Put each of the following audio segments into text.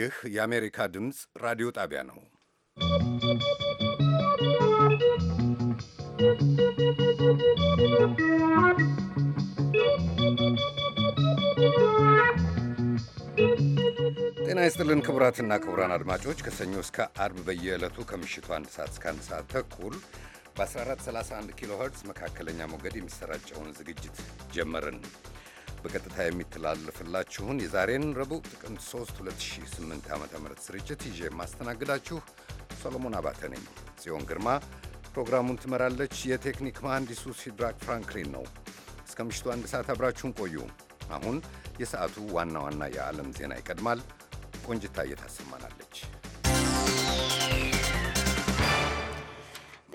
ይህ የአሜሪካ ድምፅ ራዲዮ ጣቢያ ነው። ጤና ይስጥልን ክቡራትና ክቡራን አድማጮች ከሰኞ እስከ አርብ በየዕለቱ ከምሽቱ አንድ ሰዓት እስከ አንድ ሰዓት ተኩል በ1431 ኪሎ ኸርትዝ መካከለኛ ሞገድ የሚሰራጨውን ዝግጅት ጀመርን። በቀጥታ የሚተላለፍላችሁን የዛሬን ረቡዕ ጥቅምት 3 2008 ዓ ም ስርጭት ይዤ የማስተናግዳችሁ ሰሎሞን አባተ ነኝ። ጽዮን ግርማ ፕሮግራሙን ትመራለች። የቴክኒክ መሐንዲሱ ሲድራክ ፍራንክሊን ነው። እስከ ምሽቱ አንድ ሰዓት አብራችሁን ቆዩ። አሁን የሰዓቱ ዋና ዋና የዓለም ዜና ይቀድማል። ቆንጅታ እየታሰማናለች።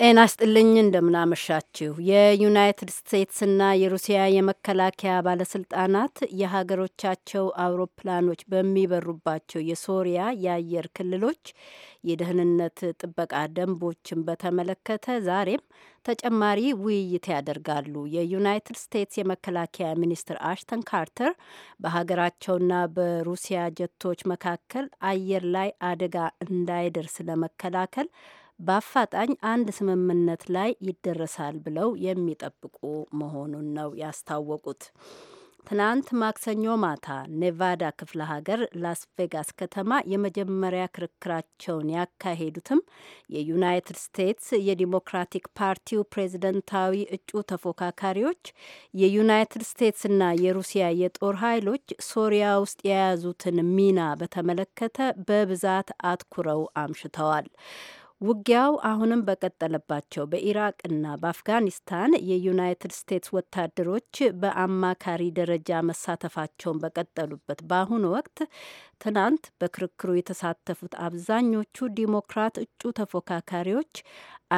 ጤና ስጥልኝ እንደምናመሻችሁ። የዩናይትድ ስቴትስና የሩሲያ የመከላከያ ባለስልጣናት የሀገሮቻቸው አውሮፕላኖች በሚበሩባቸው የሶሪያ የአየር ክልሎች የደህንነት ጥበቃ ደንቦችን በተመለከተ ዛሬም ተጨማሪ ውይይት ያደርጋሉ። የዩናይትድ ስቴትስ የመከላከያ ሚኒስትር አሽተን ካርተር በሀገራቸውና በሩሲያ ጀቶች መካከል አየር ላይ አደጋ እንዳይደርስ ለመከላከል በአፋጣኝ አንድ ስምምነት ላይ ይደረሳል ብለው የሚጠብቁ መሆኑን ነው ያስታወቁት። ትናንት ማክሰኞ ማታ ኔቫዳ ክፍለ ሀገር ላስ ቬጋስ ከተማ የመጀመሪያ ክርክራቸውን ያካሄዱትም የዩናይትድ ስቴትስ የዲሞክራቲክ ፓርቲው ፕሬዝደንታዊ እጩ ተፎካካሪዎች የዩናይትድ ስቴትስና የሩሲያ የጦር ኃይሎች ሶሪያ ውስጥ የያዙትን ሚና በተመለከተ በብዛት አትኩረው አምሽተዋል። ውጊያው አሁንም በቀጠለባቸው በኢራቅና በአፍጋኒስታን የዩናይትድ ስቴትስ ወታደሮች በአማካሪ ደረጃ መሳተፋቸውን በቀጠሉበት በአሁኑ ወቅት ትናንት በክርክሩ የተሳተፉት አብዛኞቹ ዲሞክራት እጩ ተፎካካሪዎች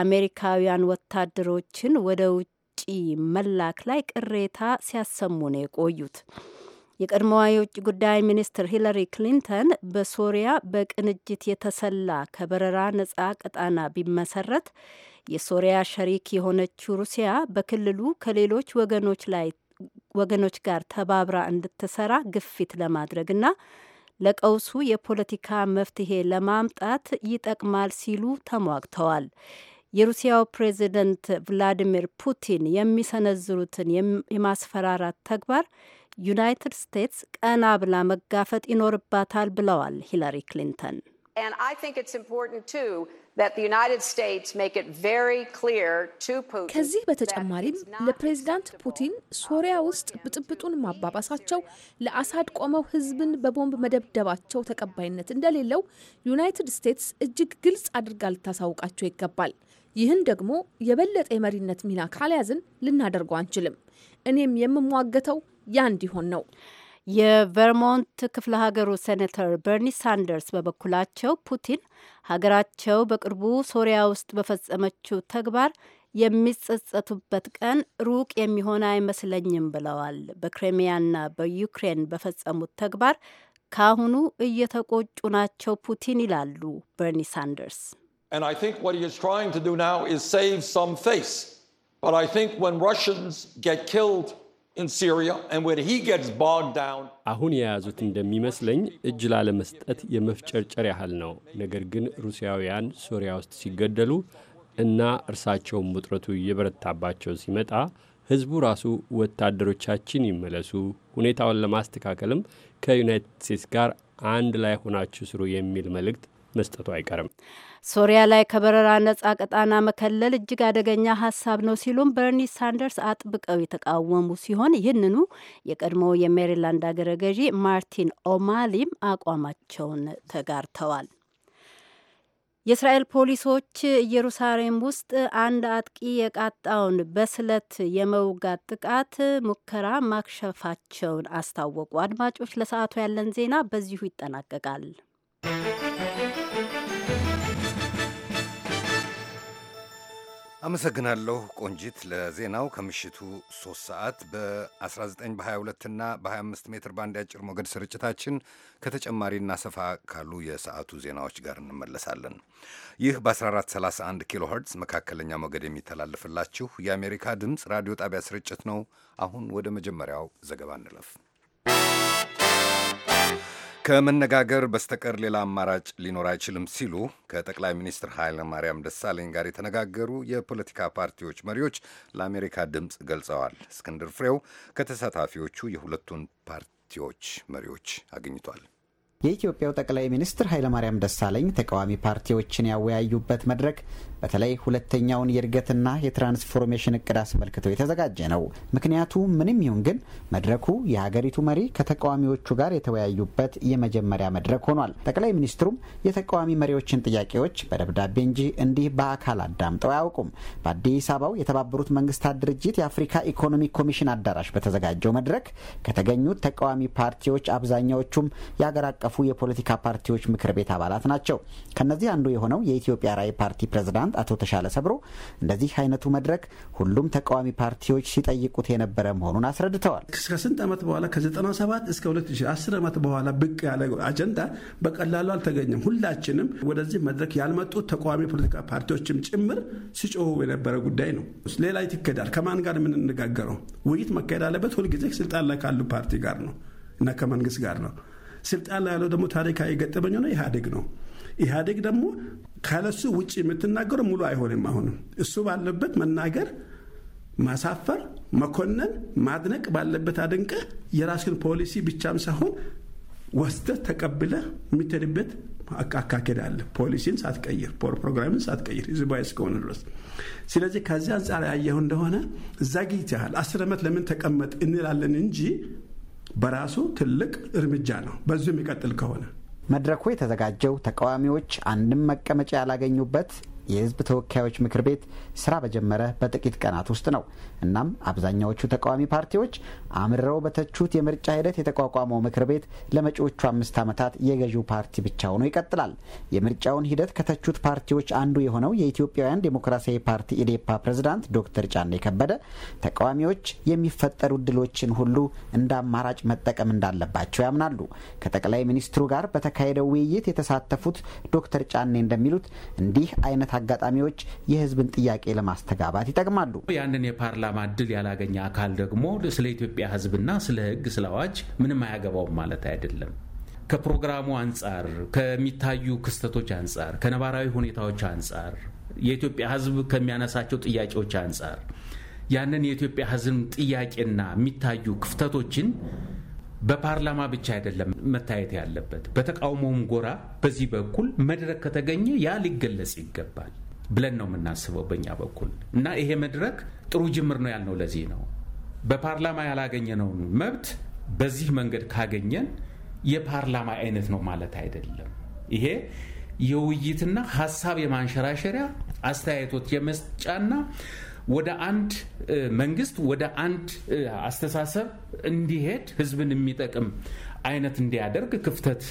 አሜሪካውያን ወታደሮችን ወደ ውጭ መላክ ላይ ቅሬታ ሲያሰሙ ነው የቆዩት። የቀድሞዋ የውጭ ጉዳይ ሚኒስትር ሂለሪ ክሊንተን በሶሪያ በቅንጅት የተሰላ ከበረራ ነጻ ቀጣና ቢመሰረት የሶሪያ ሸሪክ የሆነችው ሩሲያ በክልሉ ከሌሎች ወገኖች ላይ ወገኖች ጋር ተባብራ እንድትሰራ ግፊት ለማድረግና ለቀውሱ የፖለቲካ መፍትሄ ለማምጣት ይጠቅማል ሲሉ ተሟግተዋል። የሩሲያው ፕሬዚደንት ቭላዲሚር ፑቲን የሚሰነዝሩትን የማስፈራራት ተግባር ዩናይትድ ስቴትስ ቀና ብላ መጋፈጥ ይኖርባታል ብለዋል ሂለሪ ክሊንተን። ከዚህ በተጨማሪም ለፕሬዚዳንት ፑቲን ሶሪያ ውስጥ ብጥብጡን ማባባሳቸው፣ ለአሳድ ቆመው ህዝብን በቦምብ መደብደባቸው ተቀባይነት እንደሌለው ዩናይትድ ስቴትስ እጅግ ግልጽ አድርጋ ልታሳውቃቸው ይገባል። ይህን ደግሞ የበለጠ የመሪነት ሚና ካልያዝን ልናደርገው አንችልም። እኔም የምሟገተው ያ እንዲሆን ነው። የቨርሞንት ክፍለ ሀገሩ ሴኔተር በርኒ ሳንደርስ በበኩላቸው ፑቲን ሀገራቸው በቅርቡ ሶሪያ ውስጥ በፈጸመችው ተግባር የሚጸጸቱበት ቀን ሩቅ የሚሆን አይመስለኝም ብለዋል። በክሬሚያና በዩክሬን በፈጸሙት ተግባር ካሁኑ እየተቆጩ ናቸው ፑቲን ይላሉ በርኒ ሳንደርስ። killed, አሁን የያዙት እንደሚመስለኝ እጅ ላለመስጠት የመፍጨርጨር ያህል ነው። ነገር ግን ሩሲያውያን ሶሪያ ውስጥ ሲገደሉ እና እርሳቸውም ውጥረቱ እየበረታባቸው ሲመጣ ሕዝቡ ራሱ ወታደሮቻችን ይመለሱ፣ ሁኔታውን ለማስተካከልም ከዩናይትድ ስቴትስ ጋር አንድ ላይ ሆናችሁ ስሩ የሚል መልእክት መስጠቱ አይቀርም። ሶሪያ ላይ ከበረራ ነጻ ቀጣና መከለል እጅግ አደገኛ ሀሳብ ነው ሲሉም በርኒ ሳንደርስ አጥብቀው የተቃወሙ ሲሆን ይህንኑ የቀድሞው የሜሪላንድ አገረ ገዢ ማርቲን ኦማሊም አቋማቸውን ተጋርተዋል። የእስራኤል ፖሊሶች ኢየሩሳሌም ውስጥ አንድ አጥቂ የቃጣውን በስለት የመውጋት ጥቃት ሙከራ ማክሸፋቸውን አስታወቁ። አድማጮች፣ ለሰዓቱ ያለን ዜና በዚሁ ይጠናቀቃል። አመሰግናለሁ ቆንጂት ለዜናው። ከምሽቱ 3 ሰዓት በ19 በ22 እና በ25 ሜትር ባንድ ያጭር ሞገድ ስርጭታችን ከተጨማሪና ሰፋ ካሉ የሰዓቱ ዜናዎች ጋር እንመለሳለን። ይህ በ1431 ኪሎ ኸርትዝ መካከለኛ ሞገድ የሚተላለፍላችሁ የአሜሪካ ድምፅ ራዲዮ ጣቢያ ስርጭት ነው። አሁን ወደ መጀመሪያው ዘገባ እንለፍ። ከመነጋገር በስተቀር ሌላ አማራጭ ሊኖር አይችልም ሲሉ ከጠቅላይ ሚኒስትር ኃይለ ማርያም ደሳለኝ ጋር የተነጋገሩ የፖለቲካ ፓርቲዎች መሪዎች ለአሜሪካ ድምፅ ገልጸዋል። እስክንድር ፍሬው ከተሳታፊዎቹ የሁለቱን ፓርቲዎች መሪዎች አግኝቷል። የኢትዮጵያው ጠቅላይ ሚኒስትር ኃይለ ማርያም ደሳለኝ ተቃዋሚ ፓርቲዎችን ያወያዩበት መድረክ በተለይ ሁለተኛውን የእድገትና የትራንስፎርሜሽን እቅድ አስመልክቶ የተዘጋጀ ነው። ምክንያቱ ምንም ይሁን ግን መድረኩ የሀገሪቱ መሪ ከተቃዋሚዎቹ ጋር የተወያዩበት የመጀመሪያ መድረክ ሆኗል። ጠቅላይ ሚኒስትሩም የተቃዋሚ መሪዎችን ጥያቄዎች በደብዳቤ እንጂ እንዲህ በአካል አዳምጠው አያውቁም። በአዲስ አበባው የተባበሩት መንግስታት ድርጅት የአፍሪካ ኢኮኖሚ ኮሚሽን አዳራሽ በተዘጋጀው መድረክ ከተገኙት ተቃዋሚ ፓርቲዎች አብዛኛዎቹም የአገር አቀፉ የፖለቲካ ፓርቲዎች ምክር ቤት አባላት ናቸው። ከነዚህ አንዱ የሆነው የኢትዮጵያ ራዕይ ፓርቲ ፕሬዝዳንት ፕሬዝዳንት አቶ ተሻለ ሰብሮ እንደዚህ አይነቱ መድረክ ሁሉም ተቃዋሚ ፓርቲዎች ሲጠይቁት የነበረ መሆኑን አስረድተዋል። እስከ ስንት ዓመት በኋላ ከ97 እስከ 2010 ዓመት በኋላ ብቅ ያለ አጀንዳ በቀላሉ አልተገኘም። ሁላችንም ወደዚህ መድረክ ያልመጡት ተቃዋሚ ፖለቲካ ፓርቲዎችም ጭምር ሲጮሁ የነበረ ጉዳይ ነው። ሌላ ይትከዳል። ከማን ጋር የምንነጋገረው? ውይይት መካሄድ አለበት። ሁልጊዜ ስልጣን ላይ ካሉ ፓርቲ ጋር ነው እና ከመንግስት ጋር ነው። ስልጣን ላይ ያለው ደግሞ ታሪካዊ የገጠመኝ ነው ኢህአዴግ ነው። ኢህአዴግ ደግሞ ካለሱ ውጭ የምትናገሩ ሙሉ አይሆንም። አሁንም እሱ ባለበት መናገር፣ ማሳፈር፣ መኮነን፣ ማድነቅ ባለበት አድንቀ የራስን ፖሊሲ ብቻም ሳይሆን ወስደ ተቀብለ የሚትሄድበት አካሄድ አለ። ፖሊሲን ሳትቀይር ፕሮግራምን ሳትቀይር ህዝባዊ እስከሆነ ድረስ። ስለዚህ ከዚህ አንጻር ያየሁ እንደሆነ ያህል አስር ዓመት ለምን ተቀመጥ እንላለን እንጂ በራሱ ትልቅ እርምጃ ነው። በዚሁ የሚቀጥል ከሆነ መድረኩ የተዘጋጀው ተቃዋሚዎች አንድም መቀመጫ ያላገኙበት የህዝብ ተወካዮች ምክር ቤት ስራ በጀመረ በጥቂት ቀናት ውስጥ ነው። እናም አብዛኛዎቹ ተቃዋሚ ፓርቲዎች አምርረው በተቹት የምርጫ ሂደት የተቋቋመው ምክር ቤት ለመጪዎቹ አምስት ዓመታት የገዢው ፓርቲ ብቻ ሆኖ ይቀጥላል። የምርጫውን ሂደት ከተቹት ፓርቲዎች አንዱ የሆነው የኢትዮጵያውያን ዴሞክራሲያዊ ፓርቲ ኢዴፓ ፕሬዝዳንት ዶክተር ጫኔ ከበደ ተቃዋሚዎች የሚፈጠሩ እድሎችን ሁሉ እንደ አማራጭ መጠቀም እንዳለባቸው ያምናሉ። ከጠቅላይ ሚኒስትሩ ጋር በተካሄደው ውይይት የተሳተፉት ዶክተር ጫኔ እንደሚሉት እንዲህ አይነት አጋጣሚዎች የህዝብን ጥያቄ ለማስተጋባት ይጠቅማሉ። ያንን የፓርላማ እድል ያላገኘ አካል ደግሞ ስለ ኢትዮጵያ ህዝብና ስለ ህግ፣ ስለ አዋጅ ምንም አያገባውም ማለት አይደለም። ከፕሮግራሙ አንጻር፣ ከሚታዩ ክስተቶች አንጻር፣ ከነባራዊ ሁኔታዎች አንጻር፣ የኢትዮጵያ ህዝብ ከሚያነሳቸው ጥያቄዎች አንጻር ያንን የኢትዮጵያ ህዝብ ጥያቄና የሚታዩ ክፍተቶችን በፓርላማ ብቻ አይደለም መታየት ያለበት። በተቃውሞውም ጎራ በዚህ በኩል መድረክ ከተገኘ ያ ሊገለጽ ይገባል ብለን ነው የምናስበው በእኛ በኩል እና ይሄ መድረክ ጥሩ ጅምር ነው ያልነው ለዚህ ነው። በፓርላማ ያላገኘነውን መብት በዚህ መንገድ ካገኘን የፓርላማ አይነት ነው ማለት አይደለም። ይሄ የውይይትና ሀሳብ የማንሸራሸሪያ አስተያየቶች የመስጫና ወደ አንድ መንግስት ወደ አንድ አስተሳሰብ እንዲሄድ ህዝብን የሚጠቅም አይነት እንዲያደርግ ክፍተት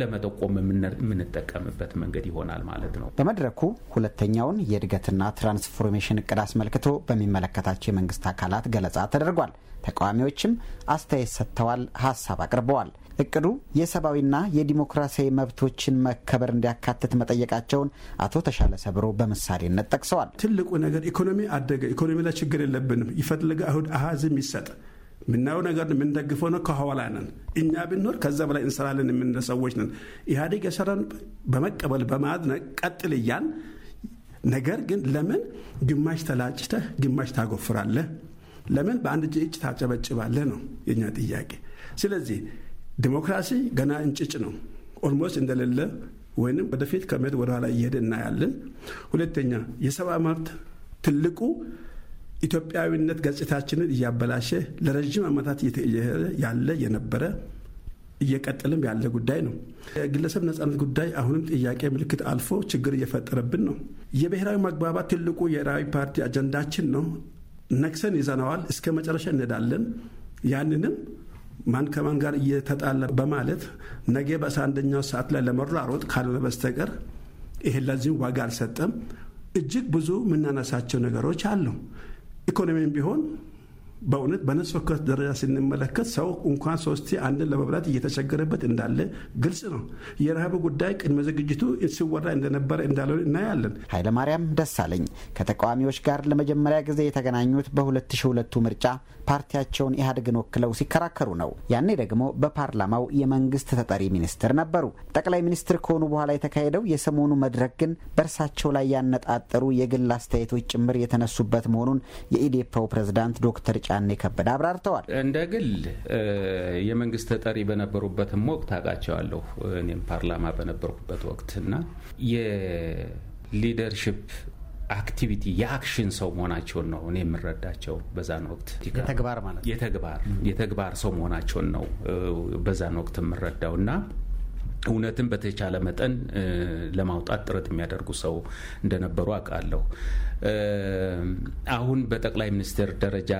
ለመጠቆም የምንጠቀምበት መንገድ ይሆናል ማለት ነው። በመድረኩ ሁለተኛውን የእድገትና ትራንስፎርሜሽን እቅድ አስመልክቶ በሚመለከታቸው የመንግስት አካላት ገለጻ ተደርጓል። ተቃዋሚዎችም አስተያየት ሰጥተዋል፣ ሀሳብ አቅርበዋል። እቅዱ የሰብአዊና የዲሞክራሲያዊ መብቶችን መከበር እንዲያካትት መጠየቃቸውን አቶ ተሻለ ሰብሮ በምሳሌነት ጠቅሰዋል። ትልቁ ነገር ኢኮኖሚ አደገ። ኢኮኖሚ ላይ ችግር የለብንም። ይፈልገ አሁድ አሃዝም ይሰጥ ምናየው ነገር የምንደግፈው ነው። ከኋላ ነን እኛ ብንኖር ከዛ በላይ እንሰራለን የምንለ ሰዎች ነን። ኢህአዴግ የሰራን በመቀበል በማድነቅ ቀጥል እያል ነገር ግን ለምን ግማሽ ተላጭተህ ግማሽ ታጎፍራለህ? ለምን በአንድ እጅ ታጨበጭባለህ ነው የኛ ጥያቄ። ስለዚህ ዲሞክራሲ ገና እንጭጭ ነው፣ ኦልሞስት እንደሌለ ወይም ወደፊት ከመሄድ ወደኋላ እየሄደ እናያለን። ሁለተኛ የሰብአዊ መብት ትልቁ ኢትዮጵያዊነት ገጽታችንን እያበላሸ ለረዥም ዓመታት እየተሄደ ያለ የነበረ እየቀጠለም ያለ ጉዳይ ነው። የግለሰብ ነጻነት ጉዳይ አሁንም ጥያቄ ምልክት አልፎ ችግር እየፈጠረብን ነው። የብሔራዊ መግባባት ትልቁ የራዊ ፓርቲ አጀንዳችን ነው። ነክሰን ይዘነዋል። እስከ መጨረሻ እንሄዳለን። ያንንም ማን ከማን ጋር እየተጣላ በማለት ነገ በአስራ አንደኛው ሰዓት ላይ ለመሯሮጥ ካልሆነ በስተቀር ይሄ ለዚህም ዋጋ አልሰጠም። እጅግ ብዙ የምናነሳቸው ነገሮች አሉ። ኢኮኖሚም ቢሆን በእውነት በነፍስ ወከፍ ደረጃ ስንመለከት ሰው እንኳን ሶስቴ አንድን ለመብላት እየተቸገረበት እንዳለ ግልጽ ነው። የረሃብ ጉዳይ ቅድመ ዝግጅቱ ሲወራ እንደነበረ እንዳለ እናያለን። ኃይለማርያም ደሳለኝ ከተቃዋሚዎች ጋር ለመጀመሪያ ጊዜ የተገናኙት በ2002 ምርጫ ፓርቲያቸውን ኢህአዴግን ወክለው ሲከራከሩ ነው። ያኔ ደግሞ በፓርላማው የመንግስት ተጠሪ ሚኒስትር ነበሩ። ጠቅላይ ሚኒስትር ከሆኑ በኋላ የተካሄደው የሰሞኑ መድረክ ግን በእርሳቸው ላይ ያነጣጠሩ የግል አስተያየቶች ጭምር የተነሱበት መሆኑን የኢዴፓው ፕሬዝዳንት ዶክተር ጫኔ ከበደ አብራርተዋል። እንደ ግል የመንግስት ተጠሪ በነበሩበትም ወቅት አውቃቸዋለሁ። እኔም ፓርላማ በነበርኩበት ወቅት እና የሊደርሽፕ አክቲቪቲ የአክሽን ሰው መሆናቸውን ነው እኔ የምረዳቸው በዛን ወቅት የተግባር ማለት የተግባር የተግባር ሰው መሆናቸውን ነው በዛን ወቅት የምረዳው እና እውነትን በተቻለ መጠን ለማውጣት ጥረት የሚያደርጉ ሰው እንደነበሩ አውቃለሁ። አሁን በጠቅላይ ሚኒስትር ደረጃ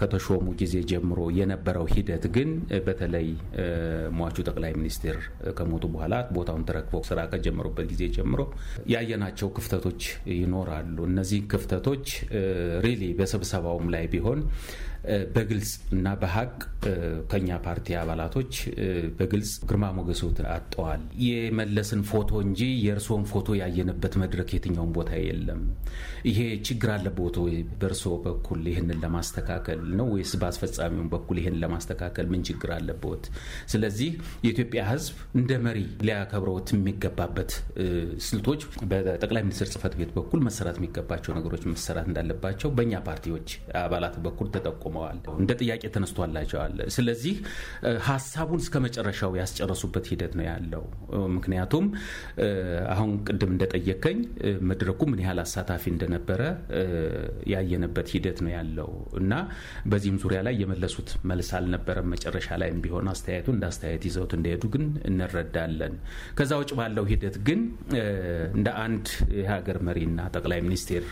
ከተሾሙ ጊዜ ጀምሮ የነበረው ሂደት ግን በተለይ ሟቹ ጠቅላይ ሚኒስትር ከሞቱ በኋላ ቦታውን ተረክበው ስራ ከጀመሩበት ጊዜ ጀምሮ ያየናቸው ክፍተቶች ይኖራሉ። እነዚህ ክፍተቶች ሪሊ በስብሰባውም ላይ ቢሆን በግልጽ እና በሀቅ ከኛ ፓርቲ አባላቶች በግልጽ ግርማ ሞገሱ አጠዋል። የመለስን ፎቶ እንጂ የእርስዎን ፎቶ ያየንበት መድረክ የትኛውም ቦታ የለም። ይሄ ችግር አለበት ወይ? በእርስዎ በኩል ይህንን ለማስተካከል ነው ወይስ በአስፈጻሚውን በኩል ይህን ለማስተካከል ምን ችግር አለበት? ስለዚህ የኢትዮጵያ ሕዝብ እንደ መሪ ሊያከብረውት የሚገባበት ስልቶች በጠቅላይ ሚኒስትር ጽህፈት ቤት በኩል መሰራት የሚገባቸው ነገሮች መሰራት እንዳለባቸው በእኛ ፓርቲዎች አባላት በኩል ተጠቆሙ ቆመዋል፣ እንደ ጥያቄ ተነስቷላቸዋል። ስለዚህ ሀሳቡን እስከ መጨረሻው ያስጨረሱበት ሂደት ነው ያለው። ምክንያቱም አሁን ቅድም እንደጠየከኝ መድረኩ ምን ያህል አሳታፊ እንደነበረ ያየነበት ሂደት ነው ያለው እና በዚህም ዙሪያ ላይ የመለሱት መልስ አልነበረም። መጨረሻ ላይም ቢሆን አስተያየቱ እንደ አስተያየት ይዘውት እንደሄዱ ግን እንረዳለን። ከዛ ውጭ ባለው ሂደት ግን እንደ አንድ የሀገር መሪና ጠቅላይ ሚኒስቴር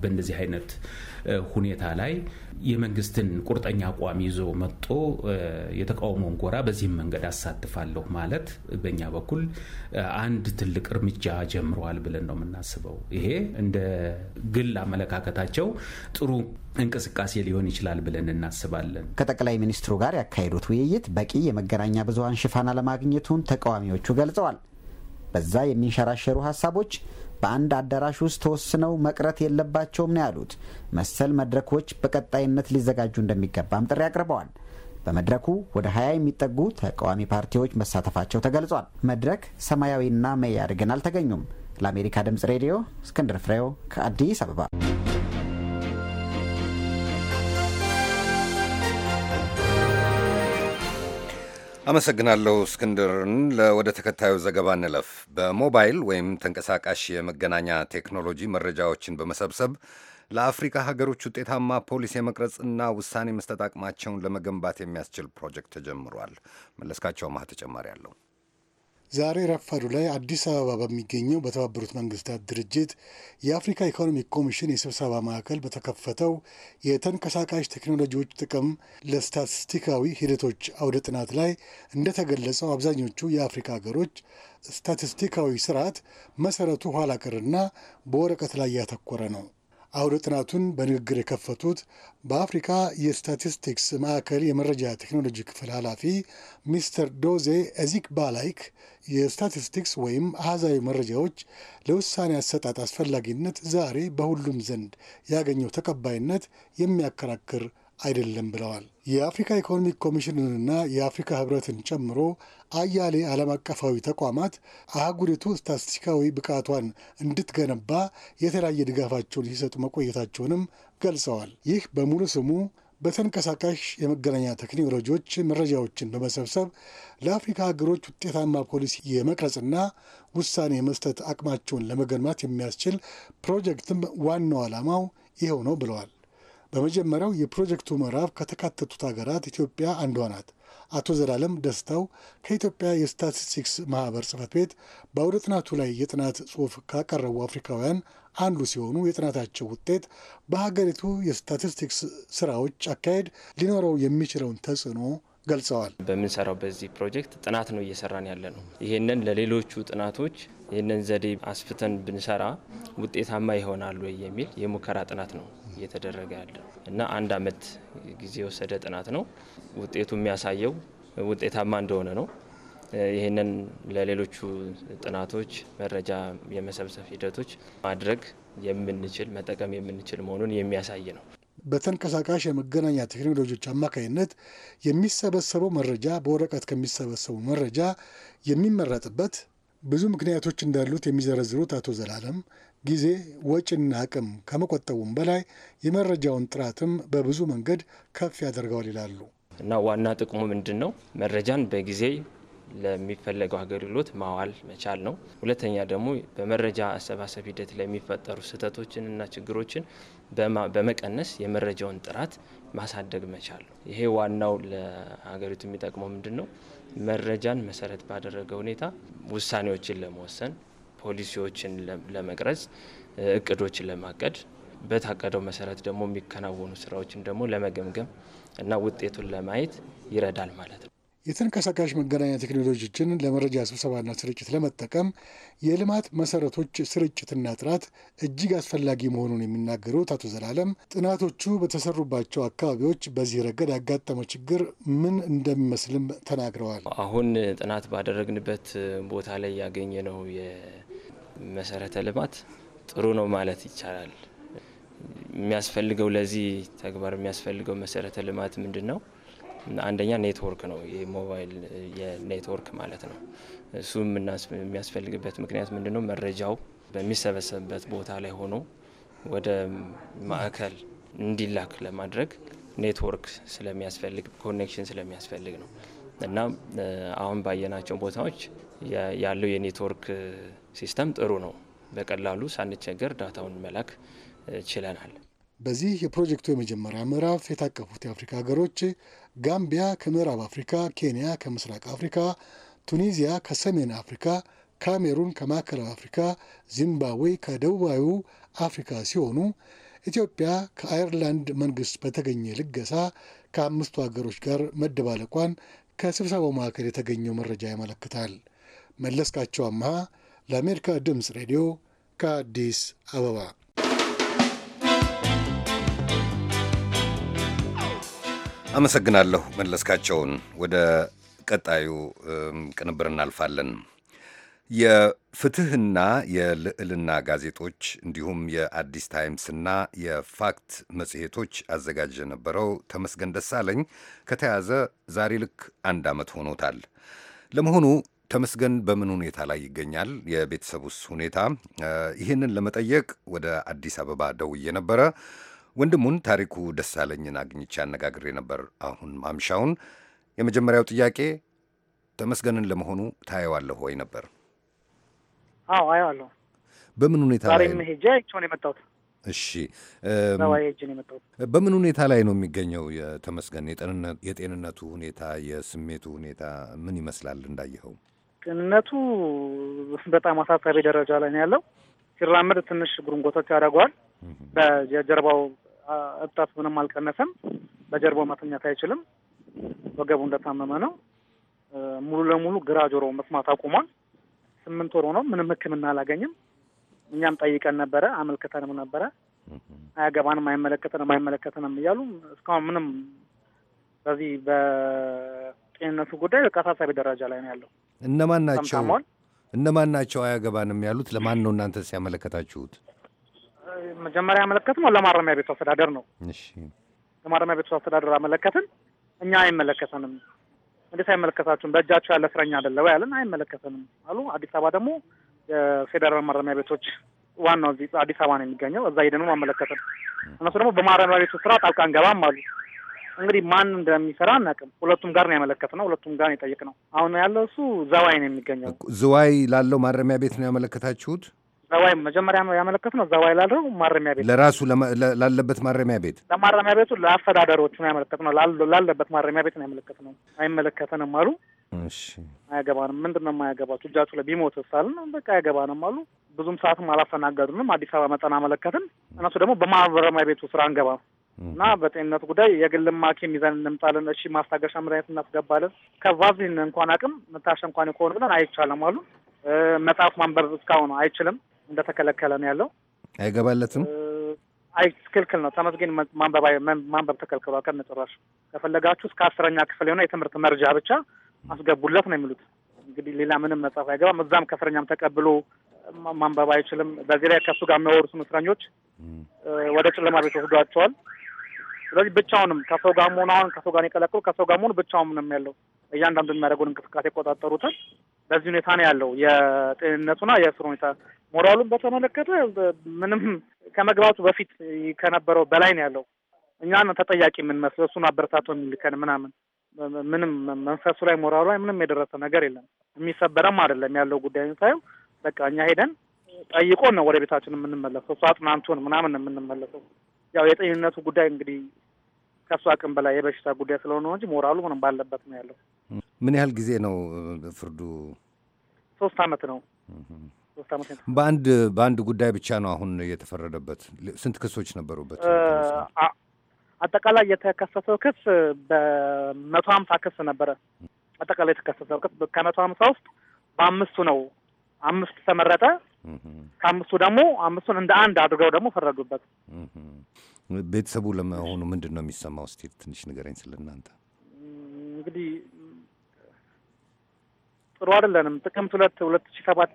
በእንደዚህ አይነት ሁኔታ ላይ የመንግስትን ቁርጠኛ አቋም ይዞ መጥቶ የተቃውሞውን ጎራ በዚህም መንገድ አሳትፋለሁ ማለት በእኛ በኩል አንድ ትልቅ እርምጃ ጀምረዋል ብለን ነው የምናስበው። ይሄ እንደ ግል አመለካከታቸው ጥሩ እንቅስቃሴ ሊሆን ይችላል ብለን እናስባለን። ከጠቅላይ ሚኒስትሩ ጋር ያካሄዱት ውይይት በቂ የመገናኛ ብዙሀን ሽፋን አለማግኘቱን ተቃዋሚዎቹ ገልጸዋል። በዛ የሚንሸራሸሩ ሀሳቦች በአንድ አዳራሽ ውስጥ ተወስነው መቅረት የለባቸውም ነው ያሉት። መሰል መድረኮች በቀጣይነት ሊዘጋጁ እንደሚገባም ጥሪ አቅርበዋል። በመድረኩ ወደ ሀያ የሚጠጉ ተቃዋሚ ፓርቲዎች መሳተፋቸው ተገልጿል። መድረክ ሰማያዊና መያድ ግን አልተገኙም። ለአሜሪካ ድምፅ ሬዲዮ እስክንድር ፍሬው ከአዲስ አበባ አመሰግናለሁ እስክንድርን። ወደ ተከታዩ ዘገባ እንለፍ። በሞባይል ወይም ተንቀሳቃሽ የመገናኛ ቴክኖሎጂ መረጃዎችን በመሰብሰብ ለአፍሪካ ሀገሮች ውጤታማ ፖሊሲ የመቅረጽና ውሳኔ መስጠት አቅማቸውን ለመገንባት የሚያስችል ፕሮጀክት ተጀምሯል። መለስካቸው ማህ ተጨማሪ አለው። ዛሬ ረፋዱ ላይ አዲስ አበባ በሚገኘው በተባበሩት መንግስታት ድርጅት የአፍሪካ ኢኮኖሚክ ኮሚሽን የስብሰባ ማዕከል በተከፈተው የተንቀሳቃሽ ቴክኖሎጂዎች ጥቅም ለስታቲስቲካዊ ሂደቶች አውደ ጥናት ላይ እንደተገለጸው አብዛኞቹ የአፍሪካ ሀገሮች ስታቲስቲካዊ ስርዓት መሰረቱ ኋላ ቀርና በወረቀት ላይ ያተኮረ ነው። አውደ ጥናቱን በንግግር የከፈቱት በአፍሪካ የስታቲስቲክስ ማዕከል የመረጃ ቴክኖሎጂ ክፍል ኃላፊ ሚስተር ዶዜ እዚክ ባላይክ የስታቲስቲክስ ወይም አሃዛዊ መረጃዎች ለውሳኔ አሰጣጥ አስፈላጊነት ዛሬ በሁሉም ዘንድ ያገኘው ተቀባይነት የሚያከራክር አይደለም ብለዋል። የአፍሪካ ኢኮኖሚክ ኮሚሽንንና የአፍሪካ ህብረትን ጨምሮ አያሌ ዓለም አቀፋዊ ተቋማት አህጉሪቱ ስታስቲካዊ ብቃቷን እንድትገነባ የተለያየ ድጋፋቸውን ሲሰጡ መቆየታቸውንም ገልጸዋል። ይህ በሙሉ ስሙ በተንቀሳቃሽ የመገናኛ ቴክኖሎጂዎች መረጃዎችን በመሰብሰብ ለአፍሪካ ሀገሮች ውጤታማ ፖሊሲ የመቅረጽና ውሳኔ የመስጠት አቅማቸውን ለመገንባት የሚያስችል ፕሮጀክትም ዋናው ዓላማው ይኸው ነው ብለዋል። በመጀመሪያው የፕሮጀክቱ ምዕራፍ ከተካተቱት ሀገራት ኢትዮጵያ አንዷ ናት። አቶ ዘላለም ደስታው ከኢትዮጵያ የስታቲስቲክስ ማህበር ጽህፈት ቤት በአውደ ጥናቱ ላይ የጥናት ጽሑፍ ካቀረቡ አፍሪካውያን አንዱ ሲሆኑ የጥናታቸው ውጤት በሀገሪቱ የስታቲስቲክስ ስራዎች አካሄድ ሊኖረው የሚችለውን ተጽዕኖ ገልጸዋል። በምንሰራው በዚህ ፕሮጀክት ጥናት ነው እየሰራን ያለ ነው። ይህንን ለሌሎቹ ጥናቶች ይህንን ዘዴ አስፍተን ብንሰራ ውጤታማ ይሆናሉ የሚል የሙከራ ጥናት ነው እየተደረገ ያለ እና አንድ አመት ጊዜ የወሰደ ጥናት ነው። ውጤቱ የሚያሳየው ውጤታማ እንደሆነ ነው። ይህንን ለሌሎቹ ጥናቶች መረጃ የመሰብሰብ ሂደቶች ማድረግ የምንችል መጠቀም የምንችል መሆኑን የሚያሳይ ነው። በተንቀሳቃሽ የመገናኛ ቴክኖሎጂዎች አማካኝነት የሚሰበሰበው መረጃ በወረቀት ከሚሰበሰቡ መረጃ የሚመረጥበት ብዙ ምክንያቶች እንዳሉት የሚዘረዝሩት አቶ ዘላለም ጊዜ፣ ወጪና አቅም ከመቆጠቡም በላይ የመረጃውን ጥራትም በብዙ መንገድ ከፍ ያደርገዋል ይላሉ። እና ዋና ጥቅሙ ምንድን ነው? መረጃን በጊዜ ለሚፈለገው አገልግሎት ማዋል መቻል ነው። ሁለተኛ ደግሞ በመረጃ አሰባሰብ ሂደት ለሚፈጠሩ ስህተቶችን እና ችግሮችን በመቀነስ የመረጃውን ጥራት ማሳደግ መቻል ነው። ይሄ ዋናው ለሀገሪቱ የሚጠቅመው ምንድን ነው? መረጃን መሰረት ባደረገ ሁኔታ ውሳኔዎችን ለመወሰን ፖሊሲዎችን ለመቅረጽ፣ እቅዶችን ለማቀድ በታቀደው መሰረት ደግሞ የሚከናወኑ ስራዎችን ደግሞ ለመገምገም እና ውጤቱን ለማየት ይረዳል ማለት ነው። የተንቀሳቃሽ መገናኛ ቴክኖሎጂዎችን ለመረጃ ስብሰባና ስርጭት ለመጠቀም የልማት መሰረቶች ስርጭትና ጥራት እጅግ አስፈላጊ መሆኑን የሚናገሩት አቶ ዘላለም ጥናቶቹ በተሰሩባቸው አካባቢዎች በዚህ ረገድ ያጋጠመው ችግር ምን እንደሚመስልም ተናግረዋል። አሁን ጥናት ባደረግንበት ቦታ ላይ ያገኘ ነው መሰረተ ልማት ጥሩ ነው ማለት ይቻላል። የሚያስፈልገው ለዚህ ተግባር የሚያስፈልገው መሰረተ ልማት ምንድን ነው? አንደኛ ኔትወርክ ነው፣ የሞባይል የኔትወርክ ማለት ነው። እሱም የሚያስፈልግበት ምክንያት ምንድን ነው? መረጃው በሚሰበሰብበት ቦታ ላይ ሆኖ ወደ ማዕከል እንዲላክ ለማድረግ ኔትወርክ ስለሚያስፈልግ ኮኔክሽን ስለሚያስፈልግ ነው እና አሁን ባየናቸው ቦታዎች ያለው የኔትወርክ ሲስተም ጥሩ ነው። በቀላሉ ሳንቸገር ዳታውን መላክ ችለናል። በዚህ የፕሮጀክቱ የመጀመሪያ ምዕራፍ የታቀፉት የአፍሪካ ሀገሮች ጋምቢያ ከምዕራብ አፍሪካ፣ ኬንያ ከምስራቅ አፍሪካ፣ ቱኒዚያ ከሰሜን አፍሪካ፣ ካሜሩን ከማዕከላዊ አፍሪካ፣ ዚምባብዌ ከደቡባዊ አፍሪካ ሲሆኑ ኢትዮጵያ ከአየርላንድ መንግስት በተገኘ ልገሳ ከአምስቱ ሀገሮች ጋር መደባለቋን ከስብሰባው መካከል የተገኘው መረጃ ያመለክታል። መለስካቸው አመሃ ለአሜሪካ ድምፅ ሬዲዮ ከአዲስ አበባ አመሰግናለሁ መለስካቸውን። ወደ ቀጣዩ ቅንብር እናልፋለን። የፍትህና የልዕልና ጋዜጦች እንዲሁም የአዲስ ታይምስና የፋክት መጽሔቶች አዘጋጅ የነበረው ተመስገን ደሳለኝ ከተያዘ ዛሬ ልክ አንድ ዓመት ሆኖታል። ለመሆኑ ተመስገን በምን ሁኔታ ላይ ይገኛል? የቤተሰቡስ ሁኔታ? ይህንን ለመጠየቅ ወደ አዲስ አበባ ደውዬ ነበረ። ወንድሙን ታሪኩ ደሳለኝን አግኝቼ አነጋግሬ ነበር አሁን ማምሻውን። የመጀመሪያው ጥያቄ ተመስገንን ለመሆኑ ታየዋለሁ ወይ ነበር። አዎ አየዋለሁ። በምን ሁኔታ ላይ ሄጄ አይቼው ነው የመጣሁት። እሺ በምን ሁኔታ ላይ ነው የሚገኘው የተመስገን? የጤንነቱ ሁኔታ፣ የስሜቱ ሁኔታ ምን ይመስላል እንዳየኸው? ጤንነቱ በጣም አሳሳቢ ደረጃ ላይ ነው ያለው። ሲራመድ ትንሽ ጉርንጎቶች ያደርገዋል። የጀርባው እብጠት ምንም አልቀነሰም። በጀርባው መተኛት አይችልም። ወገቡ እንደታመመ ነው። ሙሉ ለሙሉ ግራ ጆሮ መስማት አቁሟል። ስምንት ወር ሆኖ ምንም ሕክምና አላገኝም። እኛም ጠይቀን ነበረ፣ አመልክተንም ነበረ። አያገባንም፣ አይመለከተንም፣ አይመለከተንም እያሉ እስካሁን ምንም በዚህ በጤንነቱ ጉዳይ በቃ አሳሳቢ ደረጃ ላይ ነው ያለው። እነማን ናቸው እነማን ናቸው አያገባንም ያሉት ለማን ነው እናንተ ሲያመለከታችሁት? መጀመሪያ ያመለከት ለማረሚያ ቤቱ አስተዳደር ነው። እሺ ለማረሚያ ቤቱ አስተዳደር አመለከትን። እኛ አይመለከተንም። እንዴት አይመለከታችሁም? በእጃቸው ያለ እስረኛ አይደለ ወይ ያለን፣ አይመለከተንም አሉ። አዲስ አበባ ደግሞ የፌዴራል ማረሚያ ቤቶች ዋናው አዲስ አበባ ነው የሚገኘው። እዛ ሄደን አመለከትን። እነሱ ደግሞ በማረሚያ ቤቱ ስራ ጣልቃ አንገባም አሉ። እንግዲህ ማን እንደሚሰራ አናውቅም። ሁለቱም ጋር ነው ያመለከትነው፣ ሁለቱም ጋር ነው የጠየቅነው። አሁን ያለው እሱ ዘዋይ ነው የሚገኘው። ዝዋይ ላለው ማረሚያ ቤት ነው ያመለከታችሁት? ዘዋይ መጀመሪያ ያመለከትነው ዘዋይ ላለው ማረሚያ ቤት ለራሱ ላለበት ማረሚያ ቤት ለማረሚያ ቤቱ ለአስተዳደሮቹ ነው ያመለከትነው። ላለበት ማረሚያ ቤት ነው ያመለከትነው። አይመለከተንም አሉ። እሺ አያገባንም። ምንድን ነው የማያገባችሁ? እጃችሁ ላይ ቢሞት ሳል በቃ አያገባንም አሉ። ብዙም ሰዓትም አላስተናገዱንም። አዲስ አበባ መጠን አመለከትን። እነሱ ደግሞ በማረሚያ ቤቱ ስራ አንገባም እና በጤንነት ጉዳይ የግልም ሐኪም ይዘን እንምጣለን። እሺ ማስታገሻ መድኃኒት እናስገባለን። ከቫዝሊን እንኳን አቅም ምታሸ እንኳን ከሆነ ብለን አይቻልም አሉ። መጽሐፍ ማንበብ እስካሁን አይችልም፣ እንደተከለከለ ነው ያለው። አይገባለትም። አይ ክልክል ነው። ተመስገን ማንበብ ማንበብ ተከልክሏል። ከነ ጭራሽ ከፈለጋችሁ እስከ አስረኛ ክፍል የሆነ የትምህርት መርጃ ብቻ አስገቡለት ነው የሚሉት። እንግዲህ ሌላ ምንም መጽሐፍ አይገባም። እዛም ከእስረኛም ተቀብሎ ማንበብ አይችልም። በዚህ ላይ ከእሱ ጋር የሚያወሩትን እስረኞች ወደ ጨለማ ቤት ወስዷቸዋል። ስለዚህ ብቻውንም ከሰው ጋር መሆን አሁን ከሰው ጋር የቀለቀሉ ከሰው ጋር ብቻውን ነው ያለው እያንዳንዱ የሚያደርገውን እንቅስቃሴ የቆጣጠሩትን በዚህ ሁኔታ ነው ያለው። የጤንነቱና የእስር ሁኔታ ሞራሉን በተመለከተ ምንም ከመግባቱ በፊት ከነበረው በላይ ነው ያለው። እኛን ተጠያቂ የምንመስለው እሱን አበረታቶ የሚልከን ምናምን ምንም መንፈሱ ላይ ሞራሉ ላይ ምንም የደረሰ ነገር የለም። የሚሰበረም አይደለም ያለው ጉዳይ ሳየው በቃ እኛ ሄደን ጠይቆ ነው ወደ ቤታችን የምንመለሰው። እሱ አጽናንቱን ምናምን የምንመለሰው ያው የጤንነቱ ጉዳይ እንግዲህ ከሱ አቅም በላይ የበሽታ ጉዳይ ስለሆነ እንጂ ሞራሉ ምንም ባለበት ነው ያለው። ምን ያህል ጊዜ ነው ፍርዱ? ሶስት አመት ነው። በአንድ በአንድ ጉዳይ ብቻ ነው አሁን የተፈረደበት። ስንት ክሶች ነበሩበት? አጠቃላይ የተከሰተው ክስ በመቶ ሀምሳ ክስ ነበረ። አጠቃላይ የተከሰተው ክስ ከመቶ ሀምሳ ውስጥ በአምስቱ ነው አምስቱ ተመረጠ ከአምስቱ ደግሞ አምስቱን እንደ አንድ አድርገው ደግሞ ፈረዱበት። ቤተሰቡ ለመሆኑ ምንድን ነው የሚሰማው? እስኪ ትንሽ ንገረኝ ስለ እናንተ። እንግዲህ ጥሩ አይደለንም። ጥቅምት ሁለት ሁለት ሺህ ሰባት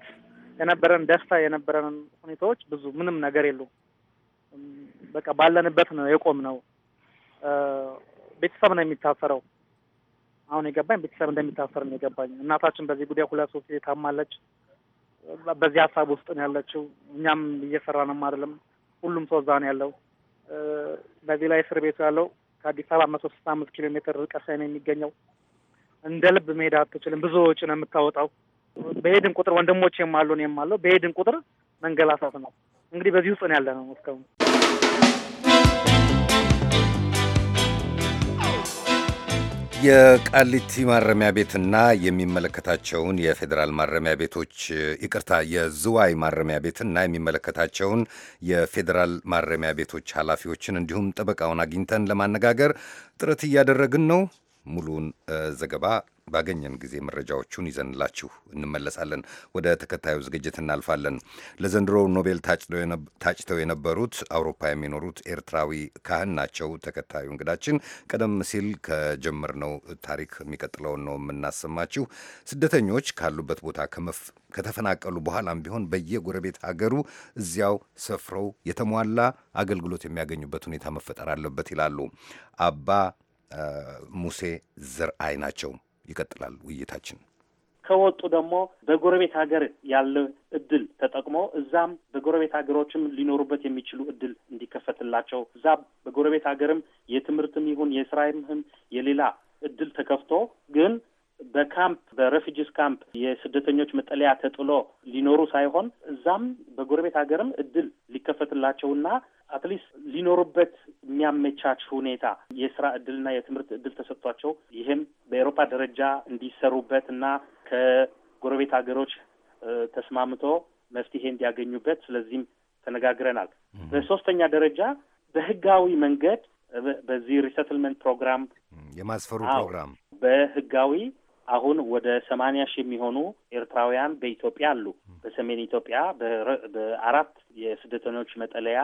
የነበረን ደስታ የነበረን ሁኔታዎች ብዙ ምንም ነገር የሉ። በቃ ባለንበት ነው የቆም ነው። ቤተሰብ ነው የሚታሰረው። አሁን የገባኝ ቤተሰብ እንደሚታሰር ነው የገባኝ። እናታችን በዚህ ጉዳይ ሁለት ሶስት ታማለች። በዚህ ሀሳብ ውስጥ ነው ያለችው። እኛም እየሰራንም አይደለም። ሁሉም ሰው እዛ ነው ያለው። በዚህ ላይ እስር ቤቱ ያለው ከአዲስ አበባ መቶ ስልሳ አምስት ኪሎ ሜትር ርቀት ላይ ነው የሚገኘው። እንደ ልብ መሄድ አትችልም። ብዙ ወጪ ነው የምታወጣው። በሄድን ቁጥር ወንድሞች የማሉ ነው የማለው በሄድን ቁጥር መንገላሳት ነው። እንግዲህ በዚህ ውስጥ ነው ያለ ነው እስካሁን የቃሊቲ ማረሚያ ቤትና የሚመለከታቸውን የፌዴራል ማረሚያ ቤቶች ይቅርታ፣ የዝዋይ ማረሚያ ቤትና የሚመለከታቸውን የፌዴራል ማረሚያ ቤቶች ኃላፊዎችን እንዲሁም ጠበቃውን አግኝተን ለማነጋገር ጥረት እያደረግን ነው። ሙሉን ዘገባ ባገኘን ጊዜ መረጃዎቹን ይዘንላችሁ እንመለሳለን። ወደ ተከታዩ ዝግጅት እናልፋለን። ለዘንድሮ ኖቤል ታጭተው የነበሩት አውሮፓ የሚኖሩት ኤርትራዊ ካህን ናቸው። ተከታዩ እንግዳችን ቀደም ሲል ከጀመርነው ታሪክ የሚቀጥለውን ነው የምናሰማችሁ። ስደተኞች ካሉበት ቦታ ከተፈናቀሉ በኋላም ቢሆን በየጎረቤት ሀገሩ እዚያው ሰፍረው የተሟላ አገልግሎት የሚያገኙበት ሁኔታ መፈጠር አለበት ይላሉ አባ ሙሴ ዝርአይ ናቸው። ይቀጥላል ውይይታችን። ከወጡ ደግሞ በጎረቤት ሀገር ያለ እድል ተጠቅሞ እዛም በጎረቤት ሀገሮችም ሊኖሩበት የሚችሉ እድል እንዲከፈትላቸው እዛ በጎረቤት ሀገርም የትምህርትም ይሁን የስራም የሌላ እድል ተከፍቶ ግን በካምፕ በሬፊጂስ ካምፕ የስደተኞች መጠለያ ተጥሎ ሊኖሩ ሳይሆን እዛም በጎረቤት ሀገርም እድል ሊከፈትላቸውና አትሊስት ሊኖሩበት የሚያመቻች ሁኔታ የስራ እድልና የትምህርት እድል ተሰጥቷቸው ይህም በኤሮፓ ደረጃ እንዲሰሩበት እና ከጎረቤት ሀገሮች ተስማምቶ መፍትሄ እንዲያገኙበት ስለዚህም ተነጋግረናል። በሶስተኛ ደረጃ በህጋዊ መንገድ በዚህ ሪሰትልመንት ፕሮግራም የማስፈሩ ፕሮግራም በህጋዊ አሁን ወደ ሰማንያ ሺህ የሚሆኑ ኤርትራውያን በኢትዮጵያ አሉ። በሰሜን ኢትዮጵያ በአራት የስደተኞች መጠለያ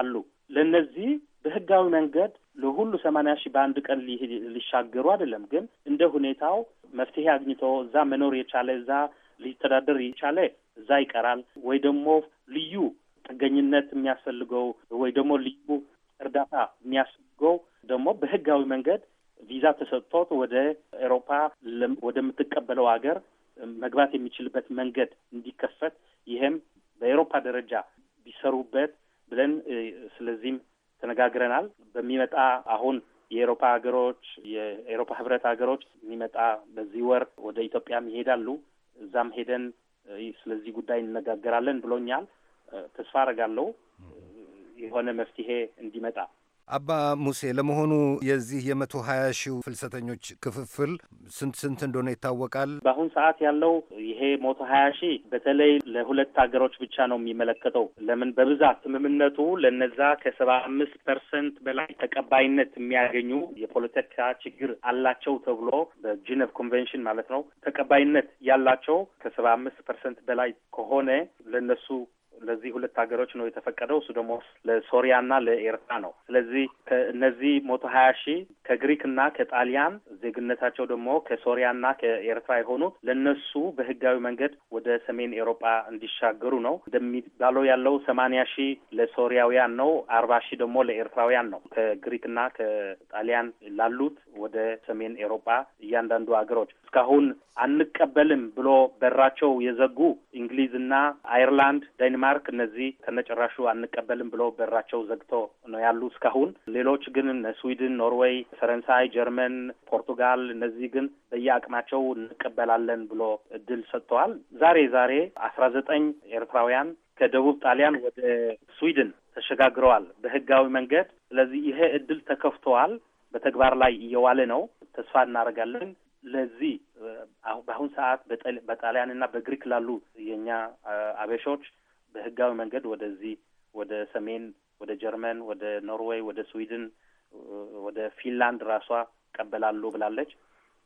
አሉ። ለእነዚህ በህጋዊ መንገድ ለሁሉ ሰማንያ ሺህ በአንድ ቀን ሊሻገሩ አይደለም፣ ግን እንደ ሁኔታው መፍትሄ አግኝቶ እዛ መኖር የቻለ እዛ ሊተዳደር የቻለ እዛ ይቀራል፣ ወይ ደግሞ ልዩ ጥገኝነት የሚያስፈልገው ወይ ደግሞ ልዩ እርዳታ የሚያስፈልገው ደግሞ በህጋዊ መንገድ ቪዛ ተሰጥቶት ወደ ኤሮፓ ወደምትቀበለው ሀገር መግባት የሚችልበት መንገድ እንዲከፈት ይህም በኤሮፓ ደረጃ ቢሰሩበት ብለን ስለዚህም ተነጋግረናል። በሚመጣ አሁን የኤሮፓ ሀገሮች የኤሮፓ ህብረት ሀገሮች የሚመጣ በዚህ ወር ወደ ኢትዮጵያም ይሄዳሉ። እዛም ሄደን ስለዚህ ጉዳይ እንነጋገራለን ብሎኛል። ተስፋ አደርጋለሁ የሆነ መፍትሄ እንዲመጣ አባ ሙሴ ለመሆኑ የዚህ የመቶ ሀያ ሺው ፍልሰተኞች ክፍፍል ስንት ስንት እንደሆነ ይታወቃል? በአሁን ሰዓት ያለው ይሄ መቶ ሀያ ሺህ በተለይ ለሁለት ሀገሮች ብቻ ነው የሚመለከተው። ለምን በብዛት ስምምነቱ ለነዛ ከሰባ አምስት ፐርሰንት በላይ ተቀባይነት የሚያገኙ የፖለቲካ ችግር አላቸው ተብሎ በጂነቭ ኮንቬንሽን ማለት ነው ተቀባይነት ያላቸው ከሰባ አምስት ፐርሰንት በላይ ከሆነ ለነሱ ለዚህ ሁለት ሀገሮች ነው የተፈቀደው። እሱ ደግሞ ለሶሪያና ለኤርትራ ነው። ስለዚህ እነዚህ መቶ ሀያ ሺህ ከግሪክና ከጣሊያን ዜግነታቸው ደግሞ ከሶሪያና ከኤርትራ የሆኑት ለነሱ በህጋዊ መንገድ ወደ ሰሜን ኤሮጳ እንዲሻገሩ ነው። እንደሚባለው ያለው ሰማንያ ሺህ ለሶሪያውያን ነው፣ አርባ ሺህ ደግሞ ለኤርትራውያን ነው። ከግሪክና ከጣሊያን ላሉት ወደ ሰሜን ኤሮጳ እያንዳንዱ ሀገሮች እስካሁን አንቀበልም ብሎ በራቸው የዘጉ እንግሊዝና አይርላንድ ዴንማርክ እነዚህ ከነጭራሹ አንቀበልም ብሎ በራቸው ዘግቶ ነው ያሉ እስካሁን። ሌሎች ግን ስዊድን፣ ኖርዌይ፣ ፈረንሳይ፣ ጀርመን፣ ፖርቱጋል እነዚህ ግን በየአቅማቸው እንቀበላለን ብሎ እድል ሰጥተዋል። ዛሬ ዛሬ አስራ ዘጠኝ ኤርትራውያን ከደቡብ ጣሊያን ወደ ስዊድን ተሸጋግረዋል በህጋዊ መንገድ። ስለዚህ ይሄ እድል ተከፍተዋል። በተግባር ላይ እየዋለ ነው። ተስፋ እናደርጋለን ለዚህ በአሁን ሰዓት በጣሊያንና በግሪክ ላሉ የእኛ አበሾች በህጋዊ መንገድ ወደዚህ ወደ ሰሜን ወደ ጀርመን፣ ወደ ኖርዌይ፣ ወደ ስዊድን፣ ወደ ፊንላንድ ራሷ ቀበላሉ ብላለች።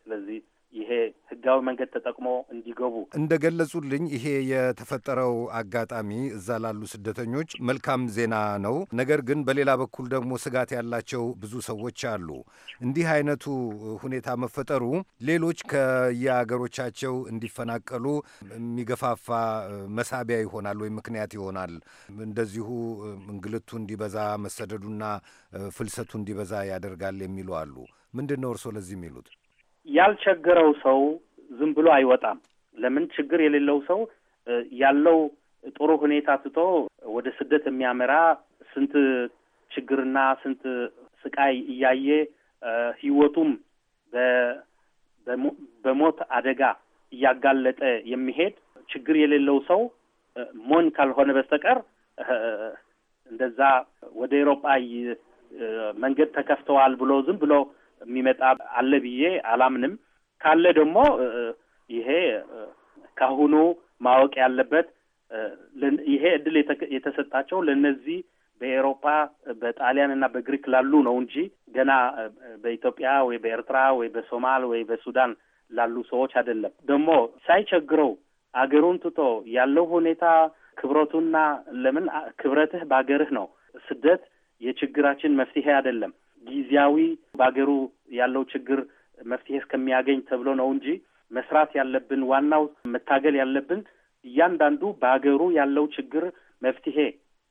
ስለዚህ ይሄ ህጋዊ መንገድ ተጠቅሞ እንዲገቡ እንደ ገለጹልኝ ይሄ የተፈጠረው አጋጣሚ እዛ ላሉ ስደተኞች መልካም ዜና ነው። ነገር ግን በሌላ በኩል ደግሞ ስጋት ያላቸው ብዙ ሰዎች አሉ። እንዲህ አይነቱ ሁኔታ መፈጠሩ ሌሎች ከየአገሮቻቸው እንዲፈናቀሉ የሚገፋፋ መሳቢያ ይሆናል ወይም ምክንያት ይሆናል። እንደዚሁ እንግልቱ እንዲበዛ መሰደዱና ፍልሰቱ እንዲበዛ ያደርጋል የሚሉ አሉ። ምንድን ነው እርስዎ ለዚህ የሚሉት? ያልቸገረው ሰው ዝም ብሎ አይወጣም። ለምን ችግር የሌለው ሰው ያለው ጥሩ ሁኔታ ትቶ ወደ ስደት የሚያመራ ስንት ችግርና ስንት ስቃይ እያየ ህይወቱም በሞት አደጋ እያጋለጠ የሚሄድ ችግር የሌለው ሰው ሞን ካልሆነ በስተቀር እንደዛ ወደ ኤሮጳ መንገድ ተከፍተዋል ብሎ ዝም ብሎ የሚመጣ አለ ብዬ አላምንም። ካለ ደግሞ ይሄ ካሁኑ ማወቅ ያለበት ይሄ እድል የተሰጣቸው ለእነዚህ በኤሮፓ በጣሊያን እና በግሪክ ላሉ ነው እንጂ ገና በኢትዮጵያ ወይ በኤርትራ ወይ በሶማል ወይ በሱዳን ላሉ ሰዎች አይደለም። ደግሞ ሳይቸግረው አገሩን ትቶ ያለው ሁኔታ ክብረቱና ለምን ክብረትህ በአገርህ ነው። ስደት የችግራችን መፍትሄ አይደለም። ጊዜያዊ በሀገሩ ያለው ችግር መፍትሄ እስከሚያገኝ ተብሎ ነው እንጂ መስራት ያለብን ዋናው መታገል ያለብን እያንዳንዱ በሀገሩ ያለው ችግር መፍትሄ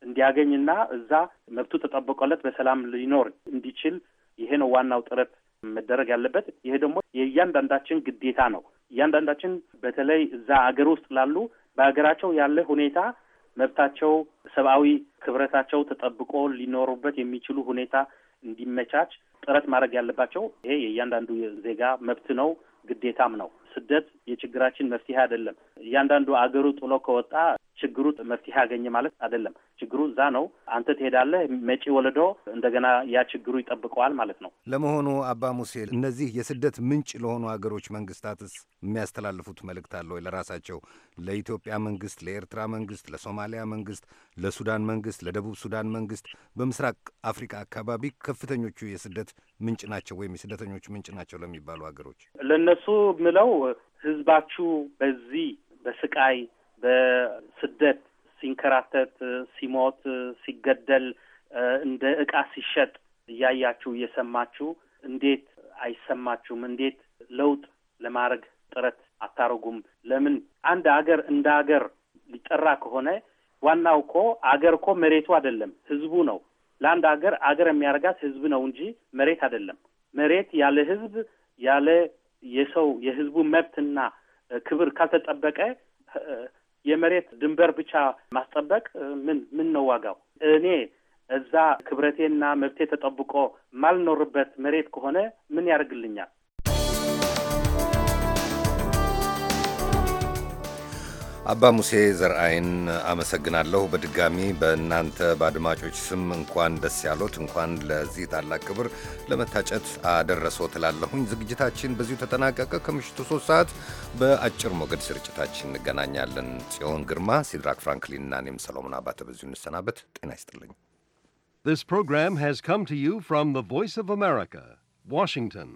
እንዲያገኝና እዛ መብቱ ተጠብቆለት በሰላም ሊኖር እንዲችል ይሄ ነው ዋናው ጥረት መደረግ ያለበት። ይሄ ደግሞ የእያንዳንዳችን ግዴታ ነው። እያንዳንዳችን በተለይ እዛ ሀገር ውስጥ ላሉ በሀገራቸው ያለ ሁኔታ መብታቸው፣ ሰብአዊ ክብረታቸው ተጠብቆ ሊኖሩበት የሚችሉ ሁኔታ እንዲመቻች ጥረት ማድረግ ያለባቸው ይሄ የእያንዳንዱ ዜጋ መብት ነው፣ ግዴታም ነው። ስደት የችግራችን መፍትሄ አይደለም። እያንዳንዱ አገሩ ጥሎ ከወጣ ችግሩ መፍትሄ አገኘ ማለት አይደለም። ችግሩ እዛ ነው። አንተ ትሄዳለህ፣ መጪ ወለዶ እንደገና ያ ችግሩ ይጠብቀዋል ማለት ነው። ለመሆኑ አባ ሙሴ እነዚህ የስደት ምንጭ ለሆኑ ሀገሮች መንግስታትስ የሚያስተላልፉት መልእክት አለ ወይ? ለራሳቸው ለኢትዮጵያ መንግስት፣ ለኤርትራ መንግስት፣ ለሶማሊያ መንግስት፣ ለሱዳን መንግስት፣ ለደቡብ ሱዳን መንግስት በምስራቅ አፍሪካ አካባቢ ከፍተኞቹ የስደት ምንጭ ናቸው ወይም የስደተኞች ምንጭ ናቸው ለሚባሉ ሀገሮች ለእነሱ ምለው ህዝባችሁ በዚህ በስቃይ በስደት ሲንከራተት፣ ሲሞት፣ ሲገደል፣ እንደ እቃ ሲሸጥ እያያችሁ እየሰማችሁ እንዴት አይሰማችሁም? እንዴት ለውጥ ለማድረግ ጥረት አታረጉም? ለምን አንድ አገር እንደ አገር ሊጠራ ከሆነ ዋናው እኮ አገር እኮ መሬቱ አይደለም፣ ህዝቡ ነው። ለአንድ አገር አገር የሚያደርጋት ህዝብ ነው እንጂ መሬት አይደለም። መሬት ያለ ህዝብ ያለ የሰው የህዝቡ መብትና ክብር ካልተጠበቀ የመሬት ድንበር ብቻ ማስጠበቅ ምን ምን ነው ዋጋው? እኔ እዛ ክብረቴና መብቴ ተጠብቆ ማልኖርበት መሬት ከሆነ ምን ያደርግልኛል? አባ ሙሴ ዘርአይን አመሰግናለሁ። በድጋሚ በእናንተ በአድማጮች ስም እንኳን ደስ ያሎት፣ እንኳን ለዚህ ታላቅ ክብር ለመታጨት አደረሶ ትላለሁኝ። ዝግጅታችን በዚሁ ተጠናቀቀ። ከምሽቱ ሶስት ሰዓት በአጭር ሞገድ ስርጭታችን እንገናኛለን። ጽዮን ግርማ፣ ሲድራክ ፍራንክሊን እና እኔም ሰሎሞን አባተ በዚሁ እንሰናበት። ጤና ይስጥልኝ። This program has come to you from the Voice of America, Washington.